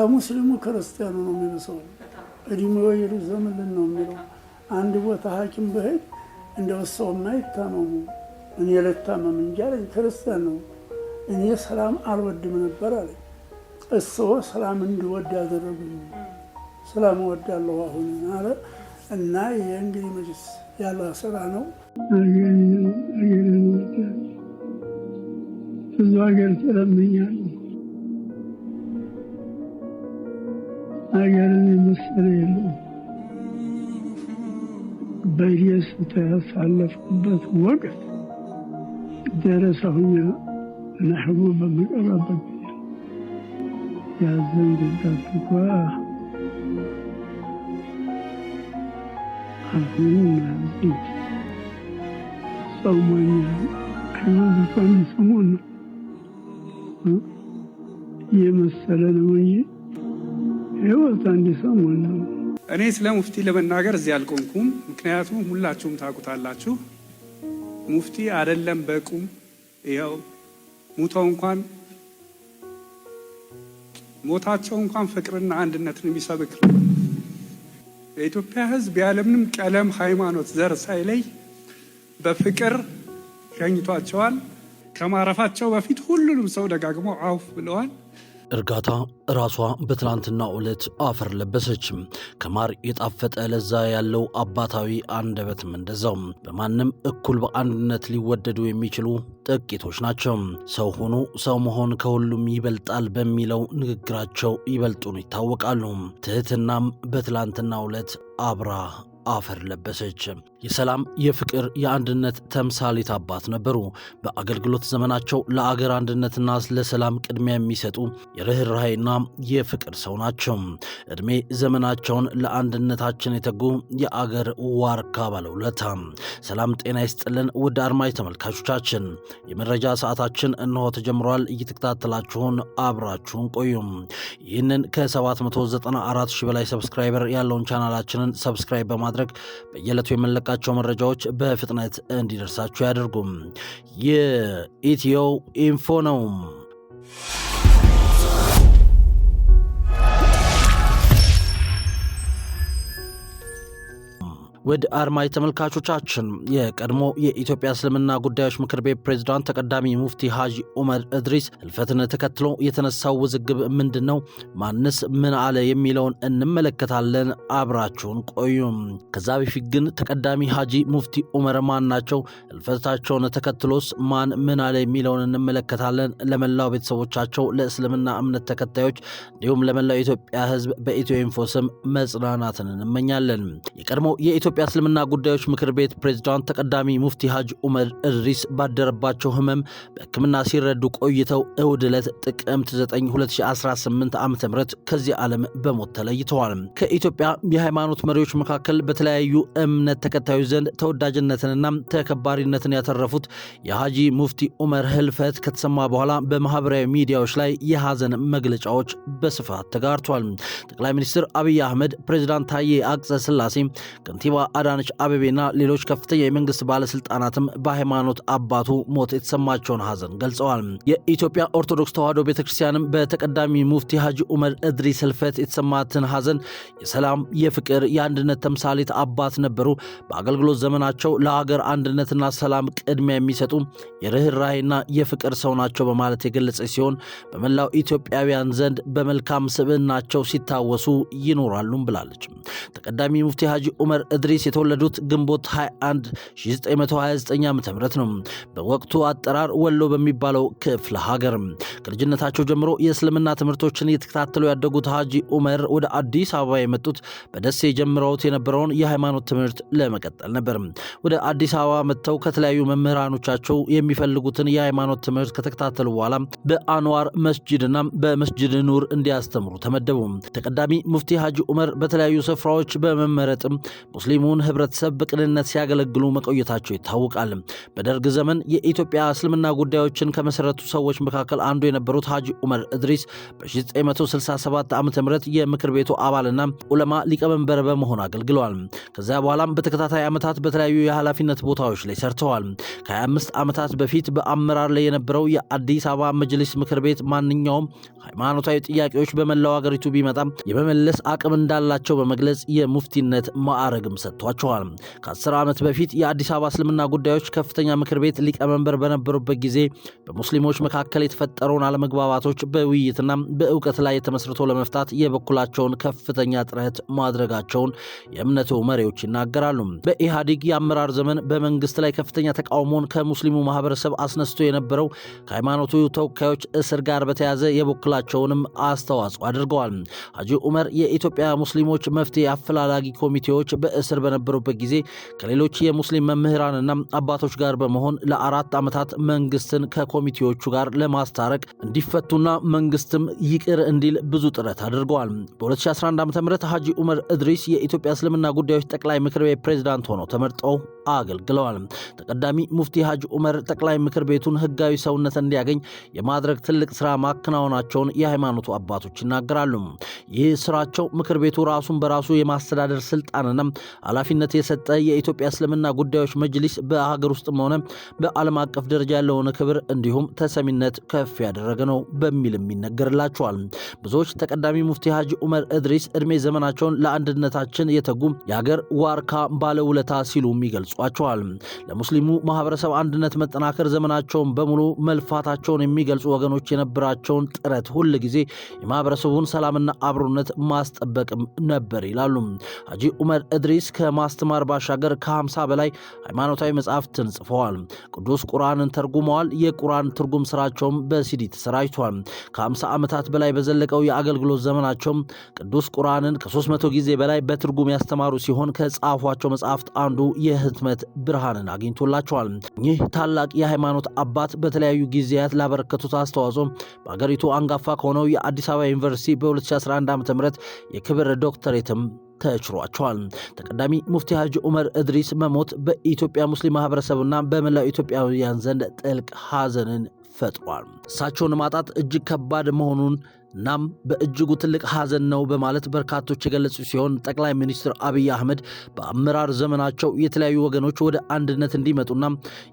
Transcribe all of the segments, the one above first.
ከሙስሊሙ ክርስቲያኑ ነው የሚብሰው። እድሜው ይሩዝ ዘመን ነው የሚለው። አንድ ቦታ ሐኪም በሄድ እንደው ሰው የማይታመሙ እኔ ልታመም እንጂ አለኝ። ክርስቲያን ነው። እኔ ሰላም አልወድም ነበር አለ። እርስዎ ሰላም እንድወድ ያደረጉኝ ሰላም እወዳለሁ አሁን አለ እና ይሄ እንግዲህ መጅስ ያለ ስራ ነው። ብዙ ሀገር ስለምኛለሁ أجل المسألين በኢየሱስ ተሳለፍኩበት ወቅት ደረሰሁኝ ነህቡ በምቀረበት ጊዜ ያዘን ጉዳት እንኳ አሁን ያዘን ጾሞኛል ከዚህ ቀን ሰሞን የመሰለ ነው እንጂ ህይወት አንድ ሰው ነው። እኔ ስለ ሙፍቲ ለመናገር እዚህ አልቆምኩም። ምክንያቱም ሁላችሁም ታውቁታላችሁ። ሙፍቲ አይደለም በቁም ይኸው ሙተው እንኳን ሞታቸው እንኳን ፍቅርና አንድነትን የሚሰብክ የኢትዮጵያ ህዝብ ያለምንም ቀለም፣ ሃይማኖት፣ ዘር ሳይለይ በፍቅር ሸኝቷቸዋል። ከማረፋቸው በፊት ሁሉንም ሰው ደጋግሞ አውፍ ብለዋል። እርጋታ ራሷ በትናንትና ዕለት አፈር ለበሰች። ከማር የጣፈጠ ለዛ ያለው አባታዊ አንደበትም እንደዛው። በማንም እኩል በአንድነት ሊወደዱ የሚችሉ ጥቂቶች ናቸው። ሰው ሆኖ ሰው መሆን ከሁሉም ይበልጣል በሚለው ንግግራቸው ይበልጡን ይታወቃሉ። ትህትናም በትላንትና ዕለት አብራ አፈር ለበሰች። የሰላም የፍቅር፣ የአንድነት ተምሳሌት አባት ነበሩ። በአገልግሎት ዘመናቸው ለአገር አንድነትና ለሰላም ቅድሚያ የሚሰጡ የርኅራኄና የፍቅር ሰው ናቸው። ዕድሜ ዘመናቸውን ለአንድነታችን የተጉ የአገር ዋርካ ባለውለታ። ሰላም ጤና ይስጥልን ውድ አድማጭ ተመልካቾቻችን፣ የመረጃ ሰዓታችን እነሆ ተጀምሯል። እየተከታተላችሁን አብራችሁን ቆዩም። ይህንን ከ794 ሺህ በላይ ሰብስክራይበር ያለውን ቻናላችንን ሰብስክራይብ በማድረግ በማድረግ በየዕለቱ የመለቃቸው መረጃዎች በፍጥነት እንዲደርሳችሁ ያደርጉም። ይህ ኢትዮ ኢንፎ ነው። ውድ አርማይ ተመልካቾቻችን የቀድሞ የኢትዮጵያ እስልምና ጉዳዮች ምክር ቤት ፕሬዝዳንት ተቀዳሚ ሙፍቲ ሀጂ ዑመር እድሪስ ህልፈትን ተከትሎ የተነሳው ውዝግብ ምንድን ነው? ማንስ ምን አለ? የሚለውን እንመለከታለን። አብራችሁን ቆዩም። ከዛ በፊት ግን ተቀዳሚ ሀጂ ሙፍቲ ዑመር ማን ናቸው? ህልፈታቸውን ተከትሎስ ማን ምን አለ? የሚለውን እንመለከታለን። ለመላው ቤተሰቦቻቸው፣ ለእስልምና እምነት ተከታዮች እንዲሁም ለመላው የኢትዮጵያ ህዝብ በኢትዮ ኢንፎ ስም መጽናናትን እንመኛለን። የቀድሞ የኢትዮጵያ እስልምና ጉዳዮች ምክር ቤት ፕሬዝዳንት ተቀዳሚ ሙፍቲ ሀጅ ኡመር እድሪስ ባደረባቸው ህመም በሕክምና ሲረዱ ቆይተው እሁድ ዕለት ጥቅምት 9 2018 ዓ ም ከዚህ ዓለም በሞት ተለይተዋል። ከኢትዮጵያ የሃይማኖት መሪዎች መካከል በተለያዩ እምነት ተከታዮች ዘንድ ተወዳጅነትንና ተከባሪነትን ያተረፉት የሀጂ ሙፍቲ ኡመር ህልፈት ከተሰማ በኋላ በማህበራዊ ሚዲያዎች ላይ የሐዘን መግለጫዎች በስፋት ተጋርቷል። ጠቅላይ ሚኒስትር አብይ አህመድ፣ ፕሬዚዳንት ታዬ አጽቀ ሥላሴ፣ ከንቲባ አዳነች አቤቤና ሌሎች ከፍተኛ የመንግስት ባለስልጣናትም በሃይማኖት አባቱ ሞት የተሰማቸውን ሀዘን ገልጸዋል። የኢትዮጵያ ኦርቶዶክስ ተዋሕዶ ቤተ ክርስቲያንም በተቀዳሚ ሙፍቲ ሀጂ ዑመር እድሪ ስልፈት የተሰማትን ሀዘን የሰላም፣ የፍቅር፣ የአንድነት ተምሳሌት አባት ነበሩ። በአገልግሎት ዘመናቸው ለሀገር አንድነትና ሰላም ቅድሚያ የሚሰጡ የርኅራሄና የፍቅር ሰው ናቸው በማለት የገለጸ ሲሆን በመላው ኢትዮጵያውያን ዘንድ በመልካም ስብዕናቸው ሲታወሱ ይኖራሉም ብላለች። ተቀዳሚ ሙፍቲ ሀጂ ዑመር እድሪ ፓሪስ የተወለዱት ግንቦት 21 1929 ዓ ም ነው በወቅቱ አጠራር ወሎ በሚባለው ክፍለ ሀገር። ከልጅነታቸው ጀምሮ የእስልምና ትምህርቶችን እየተከታተሉ ያደጉት ሀጂ ኡመር ወደ አዲስ አበባ የመጡት በደሴ ጀምረውት የነበረውን የሃይማኖት ትምህርት ለመቀጠል ነበር። ወደ አዲስ አበባ መጥተው ከተለያዩ መምህራኖቻቸው የሚፈልጉትን የሃይማኖት ትምህርት ከተከታተሉ በኋላ በአንዋር መስጅድና በመስጅድ ኑር እንዲያስተምሩ ተመደቡ። ተቀዳሚ ሙፍቲ ሀጂ ዑመር በተለያዩ ስፍራዎች በመመረጥም ሙስሊም ሙስሊሙን ህብረተሰብ በቅንነት ሲያገለግሉ መቆየታቸው ይታወቃል። በደርግ ዘመን የኢትዮጵያ እስልምና ጉዳዮችን ከመሰረቱ ሰዎች መካከል አንዱ የነበሩት ሐጂ ዑመር እድሪስ በ967 ዓ ም የምክር ቤቱ አባልና ዑለማ ሊቀመንበር በመሆን አገልግለዋል። ከዚያ በኋላም በተከታታይ ዓመታት በተለያዩ የኃላፊነት ቦታዎች ላይ ሰርተዋል። ከ25 ዓመታት በፊት በአመራር ላይ የነበረው የአዲስ አበባ መጅሊስ ምክር ቤት ማንኛውም ሃይማኖታዊ ጥያቄዎች በመላው አገሪቱ ቢመጣም የመመለስ አቅም እንዳላቸው በመግለጽ የሙፍቲነት ማዕረግም ሰጥቷቸዋል። ከአስር ዓመት በፊት የአዲስ አበባ እስልምና ጉዳዮች ከፍተኛ ምክር ቤት ሊቀመንበር በነበሩበት ጊዜ በሙስሊሞች መካከል የተፈጠረውን አለመግባባቶች በውይይትና በእውቀት ላይ ተመስርቶ ለመፍታት የበኩላቸውን ከፍተኛ ጥረት ማድረጋቸውን የእምነቱ መሪዎች ይናገራሉ። በኢህአዴግ የአመራር ዘመን በመንግስት ላይ ከፍተኛ ተቃውሞን ከሙስሊሙ ማህበረሰብ አስነስቶ የነበረው ከሃይማኖቱ ተወካዮች እስር ጋር በተያዘ የበኩላቸውንም አስተዋጽኦ አድርገዋል። ሐጂ ዑመር የኢትዮጵያ ሙስሊሞች መፍትሄ አፈላላጊ ኮሚቴዎች በእስር ስር በነበሩበት ጊዜ ከሌሎች የሙስሊም መምህራንና አባቶች ጋር በመሆን ለአራት ዓመታት መንግስትን ከኮሚቴዎቹ ጋር ለማስታረቅ እንዲፈቱና መንግስትም ይቅር እንዲል ብዙ ጥረት አድርገዋል። በ2011 ዓ ም ሐጂ ዑመር እድሪስ የኢትዮጵያ እስልምና ጉዳዮች ጠቅላይ ምክር ቤት ፕሬዝዳንት ሆነው ተመርጠው አገልግለዋል። ተቀዳሚ ሙፍቲ ሐጂ ዑመር ጠቅላይ ምክር ቤቱን ህጋዊ ሰውነት እንዲያገኝ የማድረግ ትልቅ ስራ ማከናወናቸውን የሃይማኖቱ አባቶች ይናገራሉ። ይህ ስራቸው ምክር ቤቱ ራሱን በራሱ የማስተዳደር ስልጣንና ኃላፊነት የሰጠ የኢትዮጵያ እስልምና ጉዳዮች መጅሊስ በሀገር ውስጥም ሆነ በዓለም አቀፍ ደረጃ ያለውን ክብር እንዲሁም ተሰሚነት ከፍ ያደረገ ነው በሚልም ይነገርላቸዋል። ብዙዎች ተቀዳሚ ሙፍቲ ሀጂ ዑመር እድሪስ እድሜ ዘመናቸውን ለአንድነታችን የተጉ የአገር ዋርካ ባለውለታ ሲሉም ይገልጿቸዋል። ለሙስሊሙ ማህበረሰብ አንድነት መጠናከር ዘመናቸውን በሙሉ መልፋታቸውን የሚገልጹ ወገኖች የነበራቸውን ጥረት ሁል ጊዜ የማህበረሰቡን ሰላምና አብሮነት ማስጠበቅም ነበር ይላሉ ሀጂ ዑመር እድሪስ። ከማስተማር ባሻገር ከ50 በላይ ሃይማኖታዊ መጽሐፍትን ጽፈዋል። ቅዱስ ቁርአንን ተርጉመዋል። የቁርአን ትርጉም ስራቸውም በሲዲ ተሰራጅቷል። ከ50 ዓመታት በላይ በዘለቀው የአገልግሎት ዘመናቸው ቅዱስ ቁርአንን ከ300 ጊዜ በላይ በትርጉም ያስተማሩ ሲሆን ከጻፏቸው መጽሐፍት አንዱ የህትመት ብርሃንን አግኝቶላቸዋል። ይህ ታላቅ የሃይማኖት አባት በተለያዩ ጊዜያት ላበረከቱት አስተዋጽኦ በአገሪቱ አንጋፋ ከሆነው የአዲስ አበባ ዩኒቨርሲቲ በ2011 ዓ ም የክብር ዶክተሬትም ተችሯቸዋል። ተቀዳሚ ሙፍቲ ሀጂ ዑመር እድሪስ መሞት በኢትዮጵያ ሙስሊም ማህበረሰብና በመላው ኢትዮጵያውያን ዘንድ ጥልቅ ሐዘንን ፈጥሯል። እሳቸውን ማጣት እጅግ ከባድ መሆኑን እናም በእጅጉ ትልቅ ሐዘን ነው በማለት በርካቶች የገለጹ ሲሆን ጠቅላይ ሚኒስትር አብይ አህመድ በአመራር ዘመናቸው የተለያዩ ወገኖች ወደ አንድነት እንዲመጡና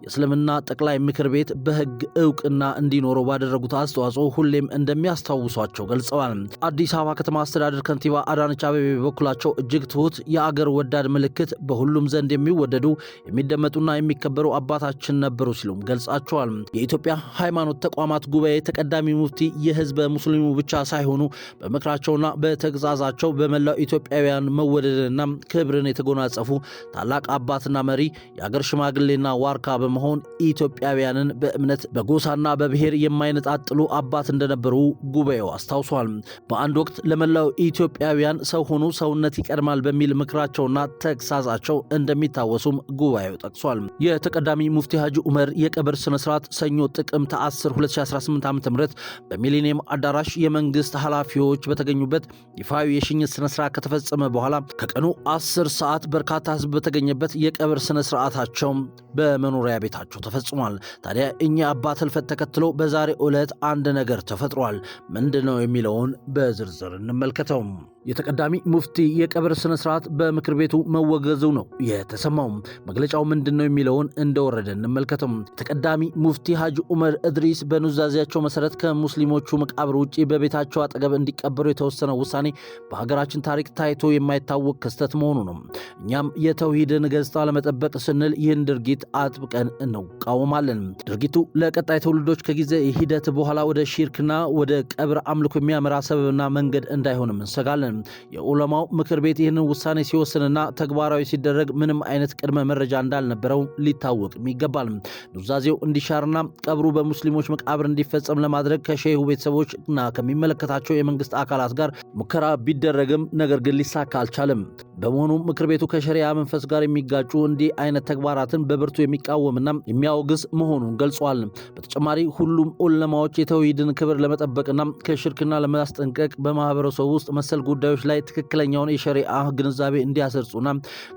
የእስልምና ጠቅላይ ምክር ቤት በሕግ እውቅና እንዲኖረው ባደረጉት አስተዋጽኦ ሁሌም እንደሚያስታውሷቸው ገልጸዋል። አዲስ አበባ ከተማ አስተዳደር ከንቲባ አዳነች አቤቤ በበኩላቸው እጅግ ትሑት የአገር ወዳድ ምልክት፣ በሁሉም ዘንድ የሚወደዱ የሚደመጡና የሚከበሩ አባታችን ነበሩ ሲሉም ገልጻቸዋል። የኢትዮጵያ ሃይማኖት ተቋማት ጉባኤ ተቀዳሚ ሙፍቲ የህዝበ ሙስሊሙ ብቻ ሳይሆኑ በምክራቸውና በተግዛዛቸው በመላው ኢትዮጵያውያን መወደድንና ክብርን የተጎናጸፉ ታላቅ አባትና መሪ የአገር ሽማግሌና ዋርካ በመሆን ኢትዮጵያውያንን በእምነት በጎሳና በብሔር የማይነጣጥሉ አባት እንደነበሩ ጉባኤው አስታውሷል። በአንድ ወቅት ለመላው ኢትዮጵያውያን ሰው ሆኑ ሰውነት ይቀድማል በሚል ምክራቸውና ተግሳጻቸው እንደሚታወሱም ጉባኤው ጠቅሷል። የተቀዳሚ ሙፍቲ ሀጂ ዑመር የቀብር ስነስርዓት ሰኞ ጥቅምት 10 2018 ዓ ም በሚሊኒየም አዳራሽ መንግስት ኃላፊዎች በተገኙበት ይፋዊ የሽኝት ስነ ስርዓት ከተፈጸመ በኋላ ከቀኑ 10 ሰዓት በርካታ ህዝብ በተገኘበት የቀብር ስነ ስርዓታቸው በመኖሪያ ቤታቸው ተፈጽሟል። ታዲያ እኛ አባት ህልፈት ተከትሎ በዛሬ ዕለት አንድ ነገር ተፈጥሯል። ምንድን ነው የሚለውን በዝርዝር እንመልከተው። የተቀዳሚ ሙፍቲ የቀብር ስነ ስርዓት በምክር ቤቱ መወገዙ ነው የተሰማው። መግለጫው ምንድን ነው የሚለውን እንደወረደ እንመልከተው። የተቀዳሚ ሙፍቲ ሀጅ ዑመር እድሪስ በኑዛዜያቸው መሰረት ከሙስሊሞቹ መቃብር ውጭ በቤታቸው አጠገብ እንዲቀበሩ የተወሰነው ውሳኔ በሀገራችን ታሪክ ታይቶ የማይታወቅ ክስተት መሆኑ ነው። እኛም የተውሂድን ገጽታ ለመጠበቅ ስንል ይህን ድርጊት አጥብቀን እንቃወማለን። ድርጊቱ ለቀጣይ ትውልዶች ከጊዜ ሂደት በኋላ ወደ ሽርክና ወደ ቀብር አምልኮ የሚያመራ ሰበብና መንገድ እንዳይሆንም እንሰጋለን። የዑለማው ምክር ቤት ይህንን ውሳኔ ሲወስንና ተግባራዊ ሲደረግ ምንም አይነት ቅድመ መረጃ እንዳልነበረው ሊታወቅም ይገባል። ኑዛዜው እንዲሻርና ቀብሩ በሙስሊሞች መቃብር እንዲፈጸም ለማድረግ ከሼሁ ቤተሰቦች እና ከሚመለከታቸው የመንግስት አካላት ጋር ሙከራ ቢደረግም ነገር ግን ሊሳካ አልቻለም። በመሆኑ ምክር ቤቱ ከሸሪያ መንፈስ ጋር የሚጋጩ እንዲህ አይነት ተግባራትን በብርቱ በብርቱ የሚቃወምና የሚያወግዝ መሆኑን ገልጿል። በተጨማሪ ሁሉም ዑለማዎች የተውሂድን ክብር ለመጠበቅና ከሽርክና ለማስጠንቀቅ በማህበረሰቡ ውስጥ መሰል ጉዳዮች ላይ ትክክለኛውን የሸሪአ ግንዛቤ እንዲያሰርጹና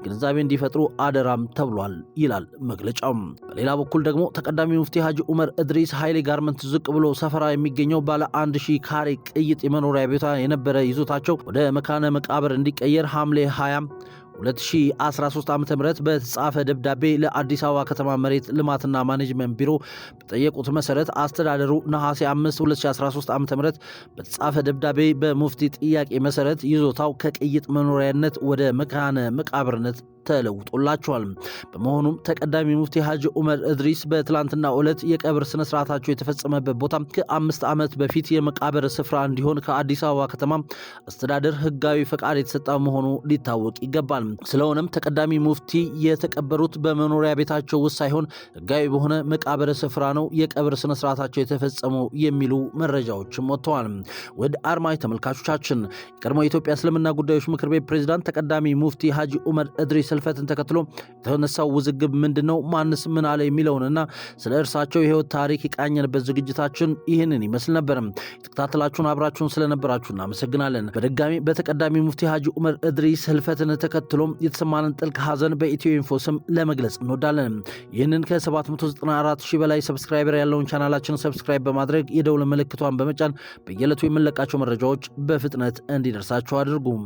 ግንዛቤ እንዲፈጥሩ አደራም ተብሏል ይላል መግለጫው። በሌላ በኩል ደግሞ ተቀዳሚ ሙፍቲ ሀጂ ዑመር እድሪስ ኃይሌ ጋርመንት ዝቅ ብሎ ሰፈራ የሚገኘው ባለ አንድ ሺህ ካሬ ቅይጥ የመኖሪያ ቤቷ የነበረ ይዞታቸው ወደ መካነ መቃብር እንዲቀየር ሐምሌ 20 2013 ዓ.ም በተጻፈ ደብዳቤ ለአዲስ አበባ ከተማ መሬት ልማትና ማኔጅመንት ቢሮ በጠየቁት መሰረት አስተዳደሩ ነሐሴ 5 2013 ዓ.ም በተጻፈ ደብዳቤ በሙፍቲ ጥያቄ መሰረት ይዞታው ከቅይጥ መኖሪያነት ወደ መካነ መቃብርነት ተለውጦላቸዋል። በመሆኑም ተቀዳሚ ሙፍቲ ሀጂ ዑመር እድሪስ በትላንትና ዕለት የቀብር ስነስርዓታቸው የተፈጸመበት ቦታ ከአምስት ዓመት በፊት የመቃብር ስፍራ እንዲሆን ከአዲስ አበባ ከተማ አስተዳደር ህጋዊ ፈቃድ የተሰጠ መሆኑ ሊታወቅ ይገባል። ስለሆነም ተቀዳሚ ሙፍቲ የተቀበሩት በመኖሪያ ቤታቸው ውስጥ ሳይሆን ህጋዊ በሆነ መቃብር ስፍራ ነው የቀብር ስነስርዓታቸው የተፈጸመው የሚሉ መረጃዎችም ወጥተዋል። ወደ አርማይ ተመልካቾቻችን የቀድሞ የኢትዮጵያ እስልምና ጉዳዮች ምክር ቤት ፕሬዚዳንት ተቀዳሚ ሙፍቲ ሀጂ ዑመር እድሪስ ህልፈትን ተከትሎ የተነሳው ውዝግብ ምንድን ነው? ማንስ ምን አለ? የሚለውንና ስለ እርሳቸው የህይወት ታሪክ የቃኘንበት ዝግጅታችን ይህንን ይመስል ነበር። የተከታተላችሁን አብራችሁን ስለነበራችሁ እናመሰግናለን። በድጋሚ በተቀዳሚ ሙፍቲ ሀጂ ዑመር እድሪስ ህልፈትን ተከትሎ የተሰማንን ጥልቅ ሀዘን በኢትዮ ኢንፎ ስም ለመግለጽ እንወዳለን። ይህንን ከ794 ሺህ በላይ ሰብስክራይበር ያለውን ቻናላችን ሰብስክራይብ በማድረግ የደውል ምልክቷን በመጫን በየዕለቱ የምንለቃቸው መረጃዎች በፍጥነት እንዲደርሳቸው አድርጉ።